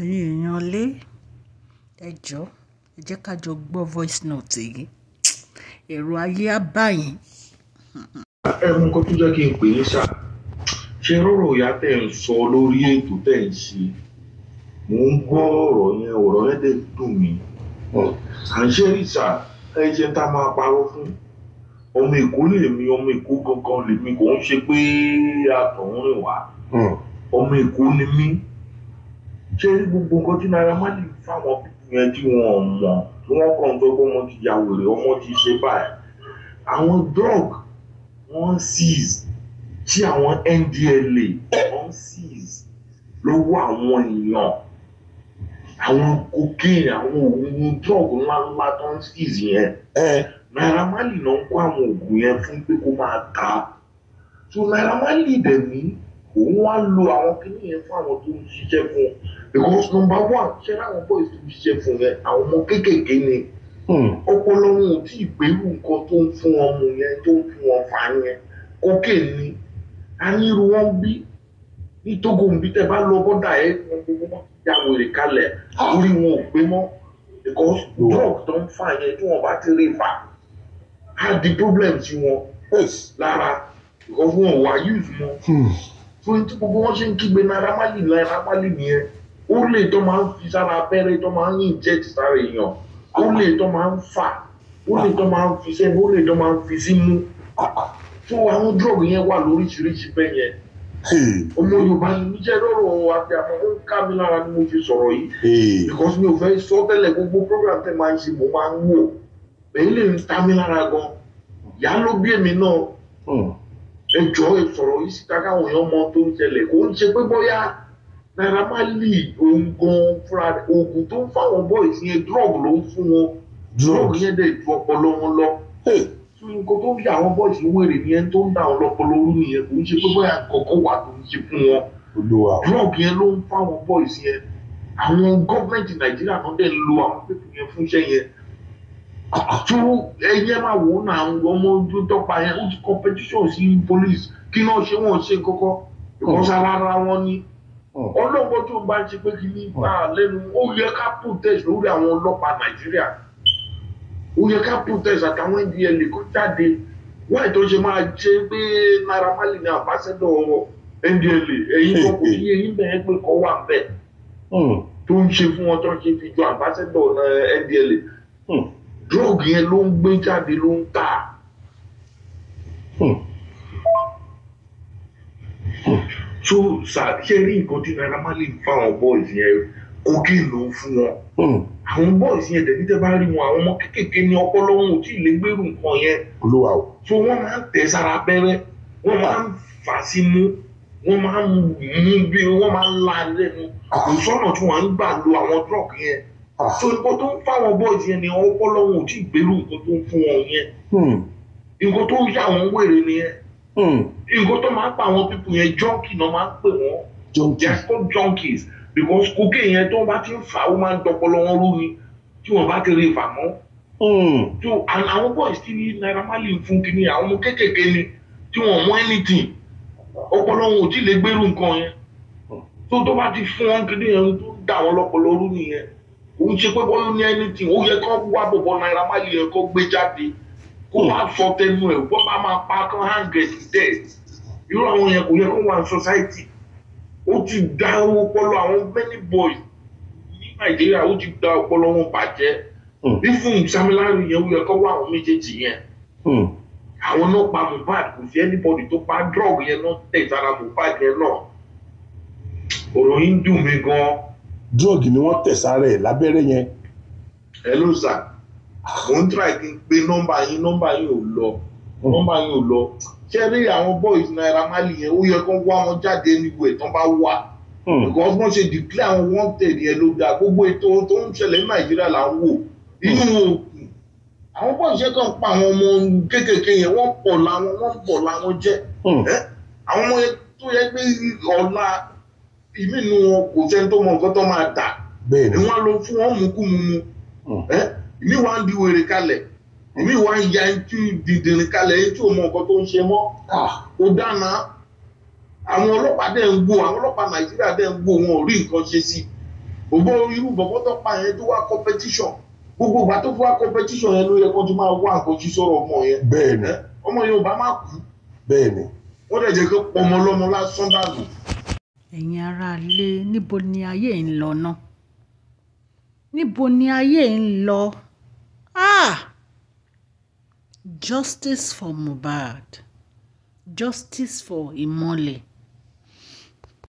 ẹ̀yin èèyàn lé ẹ jọ̀ọ́ ẹ jẹ́ ká jọ gbọ́ voice note yìí èrò ayé á báyìí. ẹ mú kó tún jẹ́ kí n pè é ṣá ṣe rọrọ ìyá tẹ́ ń sọ lórí ètò tẹ́ ń ṣe mò ń gbọ́ ọ̀rọ̀ yẹn ọ̀rọ̀ yẹn dẹ̀ dùn mí à ń ṣe ìṣà ẹ jẹ́ tá a máa parọ́ fún ọmọ èkó lèmi ọmọ èkó gangan lèmi kò ń ṣe pé àtọ̀hún rìn wá hmm. ọmọ èkó ni mí. Mm ṣé gbogbo nǹkan tí Naira Marley fáwọn yẹn tí wọn mọ̀ tí wọ́n kàn tó gbọ́mọ ti ya wèrè ọmọ ti ṣe báyìí àwọn drug wọ́n seize tí àwọn NDLA wọ́n seize lọ́wọ́ àwọn èèyàn àwọn cocaine àwọn oògùn drug ńláńlá tó ń seize yẹn Naira Marley náà ń kó àwọn oògùn yẹn fún pé kó máa ta so Naira Marley dẹ̀ mí òun wá lo àwọn kíní yẹn fún àwọn tó ń ṣiṣẹ́ fún because number one ṣé láwọn boys tó ń ṣiṣẹ́ fún yẹn àwọn ọmọ kéékèèké ni hmm. ọpọlọ wọn ò tí ì gbèrú nǹkan tó ń fún wọn mu yẹn tó ń fún wọn fà yẹn kókè ni a ní irú wọn bí ní Togo ń bí tẹ bá lọ bọ́dà ẹ wọn gbogbo wọn ti wèrè kalẹ̀ ah! orí wọn ò gbé mọ́ because hmm. drug tó ń fà yẹn tí wọn bá ti rí fà á di problem sí wọn lára because wọn ò wá use mọ́. Hmm so tí gbogbo wọn ṣe ń kígbe Naira Marley Naira Marley nìyẹn ó lè tó máa ń fi sára abẹ́rẹ́ tó máa ń yìn jẹ́ ti sára èèyàn ó lè tó máa ń fà ó lè tó máa ń fi sẹ́nu ó lè tó máa ń fi símú tó àwọn drug yẹn wà lóríṣiríṣi bẹ́ẹ̀ yẹn hmm. ọmọ yorùbá mi jẹ́ lọ́rọ̀ àti àwọn ohun ká mi lára ni mo fi sọ̀rọ̀ yìí hmm. because mi ò fẹ́ sọ tẹ́lẹ̀ gbogbo program tẹ́ máa ń ṣe mo máa ń wò èyí lè ta mi lára gan yàá bí èmi náà. Hmm ẹjọ́ ìsọ̀rọ̀ yìí síta káwọn èèyàn mọ tó ń ṣẹlẹ̀ kò ń ṣe pé bóyá Naira Marley òun gan fúnra oògùn tó ń fáwọn boys yẹn drug ló ń fún wọn drug yẹn dẹ̀ ju ọpọlọ wọn lọ nǹkan tó ń fi àwọn boys wèrè nìyẹn tó ń dà wọn lọ́pọlọ orú nìyẹn kò ń ṣe pé bóyá kọ̀ọ̀kan wà tó ń ṣe fún wọn drug yẹn ló ń fáwọn boys yẹn àwọn gọ́ọ̀mẹ̀ntì Nàìjíríà náà dẹ̀ ń lo àwọn pépè yẹn fúnṣẹ́ yẹn tó ẹyẹ máa wò ó náà ọmọ ojú tọ́pa yẹn ó ti competition sí police kí náà ṣé wọ́n ṣe kọ́kọ́ ìkọ́sára wọn ni oh. ọlọ́gbọ́n tó bá ń ṣe pé kí ní bá a lẹ́nu ó yẹ ká protest lórí àwọn ọlọ́pàá nàìjíríà ó yẹ ká protest àtàwọn ndl kó jáde wáyé tó ṣe máa ṣe pé Naira Marley ní àbáṣẹ́dọ̀ ndl ẹ̀yin tó kò sí ẹ̀yin bẹ́ẹ̀ pé kọ́ wà bẹ́ẹ̀ hmm. tó ń ṣe fún wọn tó ń ṣe fi jọ àbáṣẹ́dọ̀ ndl drug yẹn ló ń gbé jáde ló ń tà. Hmm. Hmm. so ṣe rí nǹkan tí Naira Marley ń fáwọn boys yẹn cocaine ló ń fún wọn. Hmm. àwọn boys yẹn dẹ̀bí tẹ́ bá rí wọn àwọn ọmọ kéékèèké ní ọpọlọ wọn ò tí ì lè gbèrú nǹkan yẹn. olúwa o. so wọ́n máa ń tẹ̀ sára abẹ́rẹ́ wọ́n máa ń fà sí mú wọ́n máa ń mú bí wọ́n máa ń la lẹ́nu. àkùsọ̀nà tí wọ́n ń gbà lo àwọn drug yẹn Ah. so nǹkan tó ń fáwọn boys yẹn ni ọpọlọ wọn ò tí ì gbèrú nǹkan tó ń fún wọn yẹn hmm. nǹkan tó ń yà wọn wèrè nìyẹn hmm. nǹkan tó máa ń pa àwọn pípọ̀ yẹn junkie náà máa ń pè wọ́n they are called junkies because cocaine yẹn tó wọ́n bá ti ń fà ó máa ń dọpọlọ wọn rú ni tí wọ́n bá ti rí ìfà mọ́ hmm. so àwọn boys ti ní Naira Marley fún kínní àwọn ọmọ kéékèèké ni tí wọ́n mọ anything ọpọlọ wọn ò tí ì lè gbèrú nǹkan yẹn so tó bá ti fún wọn kínní yẹn tó dà wọn lọpọlọ rú nìyẹn ń ṣe pé bọ́lú ní ẹni tí ó yẹ kó wá bọ̀bọ̀ náírà má yẹ kó gbé jáde kó má sọ tẹnu ẹ̀ wọ́n bá máa pa kán hàngẹ̀ dẹ̀ irú àwọn yẹn kò yẹ kó wà ní society ó ti da ọpọlọ àwọn many boys ní nàìjíríà ó ti da ọpọlọ wọn bàjẹ́ fífún hmm. ìsamiláàrin yẹn ó yẹ kó wá àwọn méjèèjì yẹn hmm. àwọn náà pa Mohbad kò sí anybody tó pa drug yẹn náà tẹ̀ ìtara Mohbad yẹn náà ọ̀rọ̀ yìí ń dùn mí gan-an drug ni wọ́n tẹ̀ sára ẹ̀ lábẹ́rẹ́ yẹn. hello sir mo ń try kí n pe nọ́mbà yín nọ́mbà yín ò lọ hmm. nọ́mbà yín ò lọ ṣé rí àwọn boys Naira Marley yẹn ó yẹ kó wá wọn jáde níbo ìtàn bá wà hmm. because wọ́n ṣe declare àwọn wanted yẹn ló dáa gbogbo ètò tó ń ṣẹlẹ̀ ní Nàìjíríà là ń wò inú hmm. òkun àwọn boys yẹn kàn pa àwọn ọmọ kéékèèké yẹn wọ́n pọ̀ làwọn wọ́n pọ̀ làwọn jẹ́ àwọn ọmọ yẹn tó yẹ pé ọ̀la ìmí inú wọn kò sẹ́ni tó mọ nǹkan tó máa tà ni wọ́n lọ fún wọn mú kú mumu hmm. ìmí wa ń di wèrè kalẹ̀ hmm. ìmí wa ń ya etí dìndìnrín kalẹ̀ etí ò mọ nǹkan tó ń ṣe mọ́ ah. kò dáná àwọn ọlọ́pàá dẹ̀ ń gbó àwọn ọlọ́pàá Nàìjíríà dẹ̀ ń gbó wọn ò rí nǹkan ṣe sí òbọ̀ irú bọ̀bọ̀ tó pa yẹn tó wá competition gbogbo ìgbà tó fún wa competition yẹn ló yẹ kó tó máa wá nǹkan ṣí sọ̀rọ̀ ọmọ yẹn bẹ́ẹ̀ni ọmọ Yorùbá má kú bẹ́ẹ̀ni wọ́n dẹ̀ jẹ́ kó pọmọ lọ́mọ lásán dànù Ẹ̀yin ará níbo ni ayé ń lọ ná? Níbo ni ayé ń lọ? Ah! Justice for Mohbad. Justice for Imole.